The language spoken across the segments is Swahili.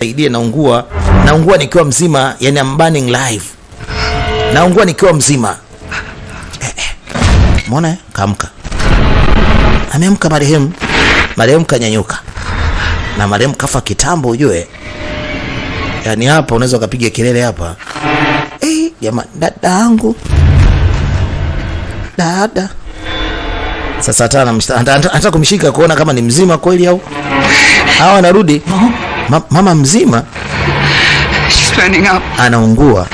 saidia naungua, naungua nikiwa mzima, yani I'm burning live, naungua nikiwa mzima. Eh, eh. eh, kaamka, ameamka marehemu, marehemu kanyanyuka, na marehemu kafa kitambo, ujue. Yani hapa unaweza ukapiga kelele hapa, eh, jamaa, dadangu, dada sasa hata hata kumshika kuona kama ni mzima kweli au hawa anarudi Ma, mama mzima anaungua.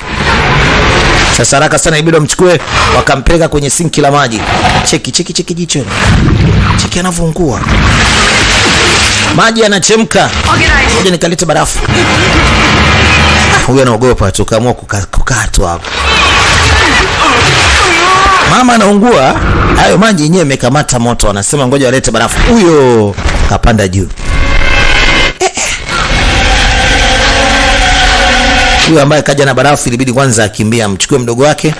Sasa haraka sana ibidi wamchukue wakampeleka kwenye sinki la maji. Cheki cheki cheki jicho. Cheki anavyoungua. Maji yanachemka. Ngoja nikalete barafu. Huyu anaogopa tu, kaamua kukaa tu hapo. Mama anaungua, hayo maji yenyewe yamekamata moto, anasema ngoja walete barafu. Huyo kapanda juu. Huyo ambaye kaja na barafu ilibidi kwanza akimbie amchukue mdogo wake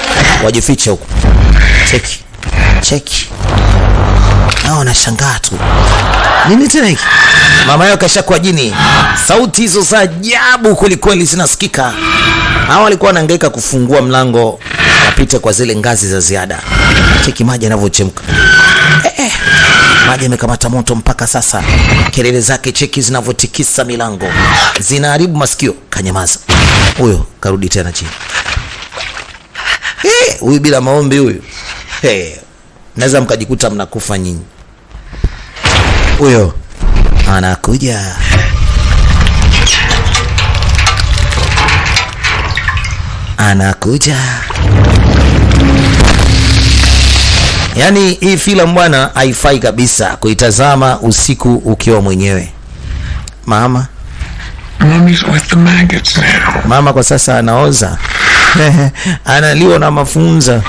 wajifiche huko. Cheki. Cheki. Nao nashangaa tu. Nini tena hiki? Mama yao kashakuwa jini. Sauti hizo za ajabu kwelikweli zinasikika. Hao walikuwa wanahangaika kufungua mlango wapite kwa zile ngazi za ziada. Cheki maji yanavyochemka eh, eh. Maji yamekamata moto mpaka sasa, kelele zake cheki zinavyotikisa milango zinaharibu masikio. Kanyamaza huyo, karudi tena chini. Eh, huyu hey, bila maombi huyu hey, eh, naweza mkajikuta mnakufa nyinyi. Huyo anakuja anakuja Yaani hii filamu bwana haifai kabisa kuitazama usiku ukiwa mwenyewe. Mama mama kwa sasa anaoza analiwa na mafunza.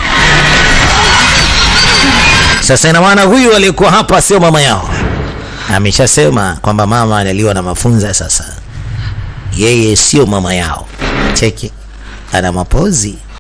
Sasa ina maana huyu aliyekuwa hapa sio mama yao, ameshasema kwamba mama analiwa na mafunza. Sasa yeye sio mama yao. Cheki, ana mapozi